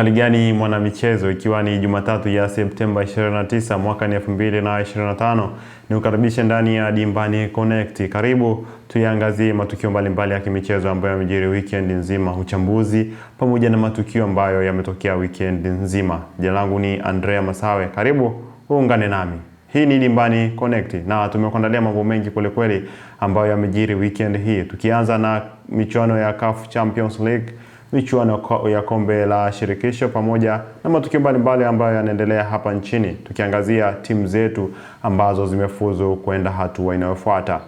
hali gani mwanamichezo, ikiwa ni Jumatatu ya Septemba 29 mwaka ni 2025, ni ukaribishe ndani ya Dimbani Connect. Karibu tuyaangazie matukio mbalimbali ya kimichezo ambayo yamejiri weekend nzima, uchambuzi pamoja na matukio ambayo yametokea weekend nzima. Jina langu ni Andrea Masawe, karibu uungane nami. Hii ni Dimbani Connect na tumekuandalia mambo mengi kwelikweli ambayo yamejiri weekend hii, tukianza na michuano ya CAF Champions League michuano ya kombe la shirikisho pamoja na matukio mbalimbali ambayo yanaendelea hapa nchini, tukiangazia timu zetu ambazo zimefuzu kwenda hatua inayofuata.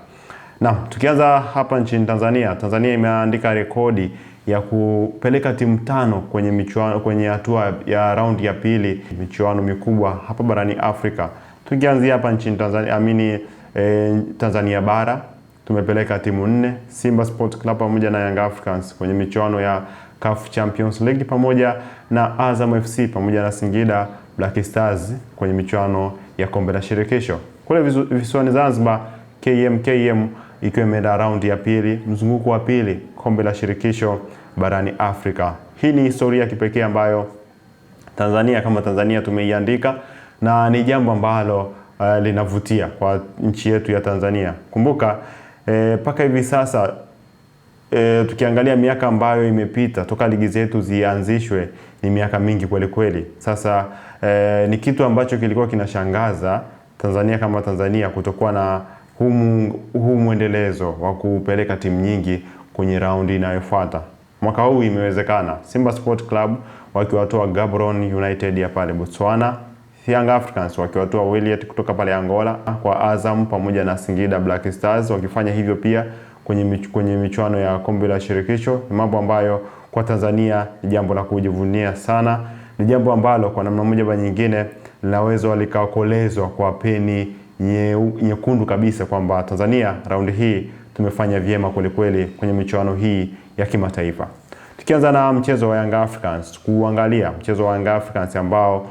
Na tukianza hapa nchini Tanzania, Tanzania imeandika rekodi ya kupeleka timu tano kwenye michuano, kwenye hatua ya raundi ya pili michuano mikubwa hapa barani Afrika. Tukianzia hapa nchini Tanzania, amini e, eh, Tanzania bara tumepeleka timu nne Simba Sports Club pamoja na Young Africans kwenye michuano ya CAF Champions League pamoja na Azam FC pamoja na Singida Black Stars kwenye michuano ya kombe la shirikisho. Kule visiwani Zanzibar, KMKM ikiwa imeenda raundi ya pili, mzunguko wa pili kombe la shirikisho barani Afrika. Hii ni historia kipekee ambayo Tanzania kama Tanzania tumeiandika na ni jambo ambalo uh, linavutia kwa nchi yetu ya Tanzania. Kumbuka eh, mpaka eh, hivi sasa e, tukiangalia miaka ambayo imepita toka ligi zetu zianzishwe ni miaka mingi kweli kweli. Sasa e, ni kitu ambacho kilikuwa kinashangaza Tanzania kama Tanzania kutokuwa na huu mwendelezo wa kupeleka timu nyingi kwenye raundi inayofuata. Mwaka huu imewezekana, Simba Sport Club wakiwatoa Gaborone United ya pale Botswana, Young Africans wakiwatoa Wiliete kutoka pale Angola, kwa Azam pamoja na Singida Black Stars wakifanya hivyo pia kwenye, michu, kwenye michuano ya kombe la shirikisho ni mambo ambayo kwa Tanzania ni jambo la kujivunia sana. Ni jambo ambalo kwa namna moja ba nyingine linaweza likaokolezwa kwa peni nyekundu kabisa kwamba Tanzania raundi hii tumefanya vyema kwelikweli kwenye michuano hii ya kimataifa. Tukianza na mchezo wa Young Africans, kuangalia mchezo wa Young Africans ambao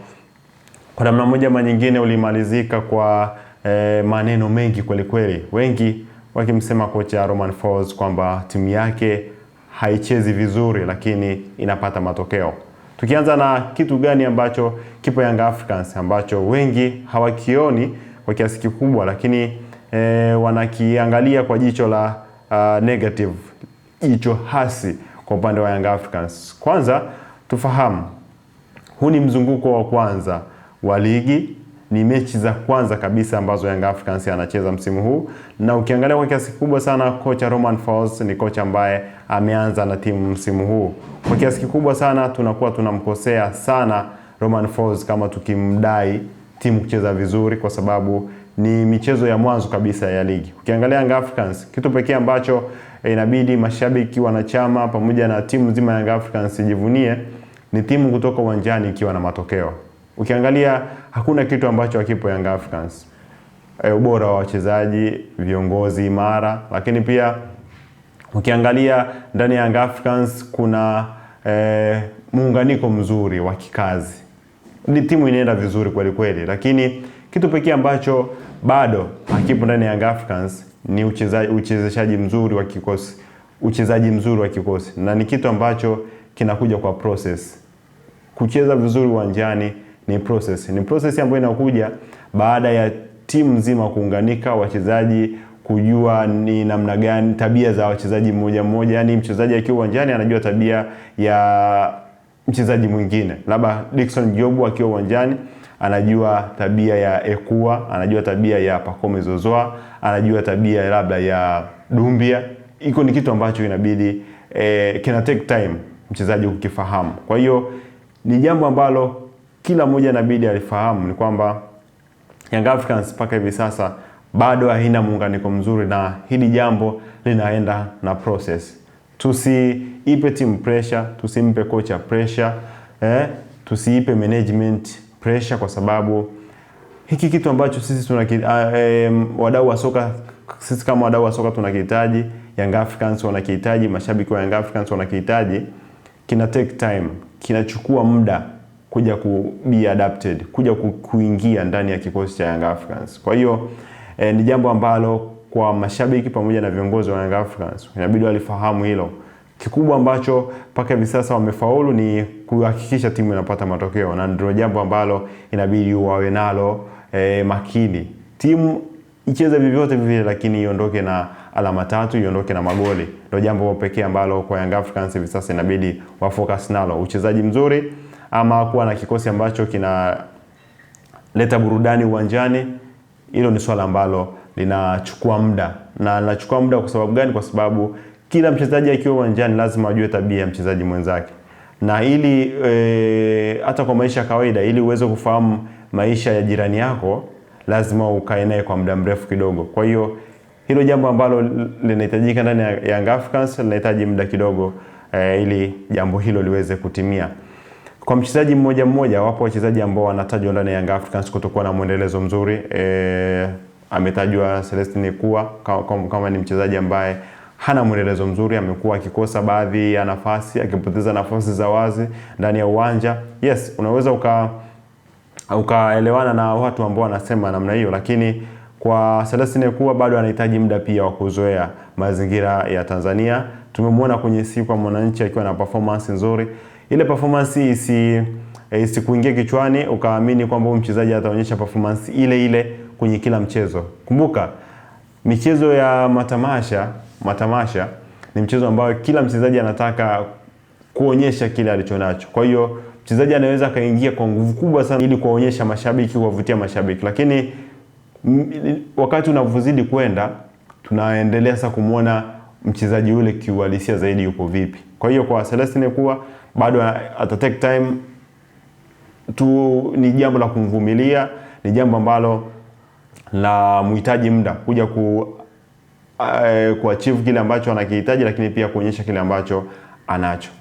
kwa namna moja ama nyingine ulimalizika kwa e, maneno mengi kwelikweli, wengi wakimsema kocha Romain Folz kwamba timu yake haichezi vizuri, lakini inapata matokeo. Tukianza na kitu gani ambacho kipo Young Africans ambacho wengi hawakioni kwa kiasi kikubwa, lakini e, wanakiangalia kwa jicho la uh, negative, jicho hasi kwa upande wa Young Africans. Kwanza tufahamu, huu ni mzunguko wa kwanza wa ligi ni mechi za kwanza kabisa ambazo Young Africans anacheza msimu huu, na ukiangalia kwa kiasi kikubwa sana kocha Romain Folz ni kocha ambaye ameanza na timu msimu huu. Kwa kiasi kikubwa sana tunakuwa tunamkosea sana Romain Folz kama tukimdai timu kucheza vizuri, kwa sababu ni michezo ya mwanzo kabisa ya ligi. Ukiangalia Young Africans, kitu pekee ambacho eh, inabidi mashabiki, wanachama pamoja na timu nzima ya Young Africans ijivunie ni timu kutoka uwanjani ikiwa na matokeo. Ukiangalia hakuna kitu ambacho hakipo Young Africans, e, ubora wa wachezaji, viongozi imara, lakini pia ukiangalia ndani ya Young Africans kuna e, muunganiko mzuri wa kikazi, ni timu inaenda vizuri kweli kweli, lakini kitu pekee ambacho bado hakipo ndani ya Young Africans ni uchezaji, uchezeshaji mzuri wa kikosi, uchezaji mzuri wa kikosi, na ni kitu ambacho kinakuja kwa process, kucheza vizuri uwanjani ni process. Ni process ambayo inakuja baada ya timu nzima kuunganika, wachezaji kujua ni namna gani tabia za wachezaji mmoja mmoja, yani mchezaji akiwa uwanjani anajua tabia ya mchezaji mwingine, labda Dickson Jobu akiwa uwanjani anajua tabia ya Ekua, anajua tabia ya Pacome Zozoa, anajua tabia labda ya Dumbia. Iko ni kitu ambacho inabidi eh, kina take time mchezaji kukifahamu. Kwa hiyo ni jambo ambalo kila mmoja inabidi alifahamu ni kwamba Young Africans mpaka hivi sasa bado haina muunganiko mzuri, na hili jambo linaenda na process. Tusiipe team pressure, tusimpe kocha pressure eh, tusiipe management pressure, kwa sababu hiki kitu ambacho sisi tuna eh, wadau wa soka sisi kama wadau wa soka tunakihitaji, Young Africans wanakihitaji, mashabiki wa Young Africans wanakihitaji, kina take time, kinachukua muda kuja ku be adapted, kuja ku, kuingia ndani ya kikosi cha Young Africans. Kwa hiyo eh, ni jambo ambalo kwa mashabiki pamoja na viongozi wa Young Africans inabidi walifahamu hilo. Kikubwa ambacho mpaka hivi sasa wamefaulu ni kuhakikisha timu inapata matokeo, na ndio jambo ambalo inabidi wawe nalo eh, makini. Timu icheze vyovyote vile, lakini iondoke na alama tatu, iondoke na magoli. Ndio jambo pekee ambalo kwa Young Africans hivi sasa inabidi wafocus nalo, uchezaji mzuri ama kuwa na kikosi ambacho kinaleta burudani uwanjani, hilo ni swala ambalo linachukua muda, na linachukua muda kwa sababu gani? Kwa sababu kila mchezaji akiwa uwanjani lazima ajue tabia ya mchezaji mwenzake, na ili e, hata kwa maisha ya kawaida, ili uweze kufahamu maisha ya jirani yako lazima ukae naye kwa muda mrefu kidogo. Kwa hiyo hilo jambo ambalo linahitajika ndani ya Young Africans linahitaji muda kidogo, e, ili jambo hilo liweze kutimia. Kwa mchezaji mmoja mmoja, wapo wachezaji ambao wanatajwa ndani ya Young Africans kutokuwa na mwendelezo mzuri e, ametajwa Celestine Kuwa kama, kama ni mchezaji ambaye hana mwendelezo mzuri, amekuwa akikosa baadhi ya nafasi, akipoteza nafasi za wazi ndani ya uwanja. Yes, unaweza uka ukaelewana na watu ambao wanasema namna hiyo, lakini kwa Celestine Kuwa bado anahitaji muda pia wa kuzoea mazingira ya Tanzania. Tumemwona kwenye siku ya Mwananchi akiwa na performance nzuri ile performance isi isikuingie eh, kichwani ukaamini kwamba huyu mchezaji ataonyesha performance ile ile kwenye kila mchezo. Kumbuka michezo ya matamasha, matamasha ni mchezo ambao kila mchezaji anataka kuonyesha kile alichonacho. Kwa hiyo mchezaji anaweza akaingia kwa nguvu kubwa sana ili kuwaonyesha mashabiki, kuwavutia mashabiki, lakini wakati unavyozidi kwenda, tunaendelea sasa kumwona mchezaji yule kiuhalisia zaidi yupo vipi. Kwa hiyo kwa Celestine kuwa bado ata take time tu. Ni jambo la kumvumilia, ni jambo ambalo la muhitaji muda kuja ku uh, eh, kuachieve kile ambacho anakihitaji, lakini pia kuonyesha kile ambacho anacho.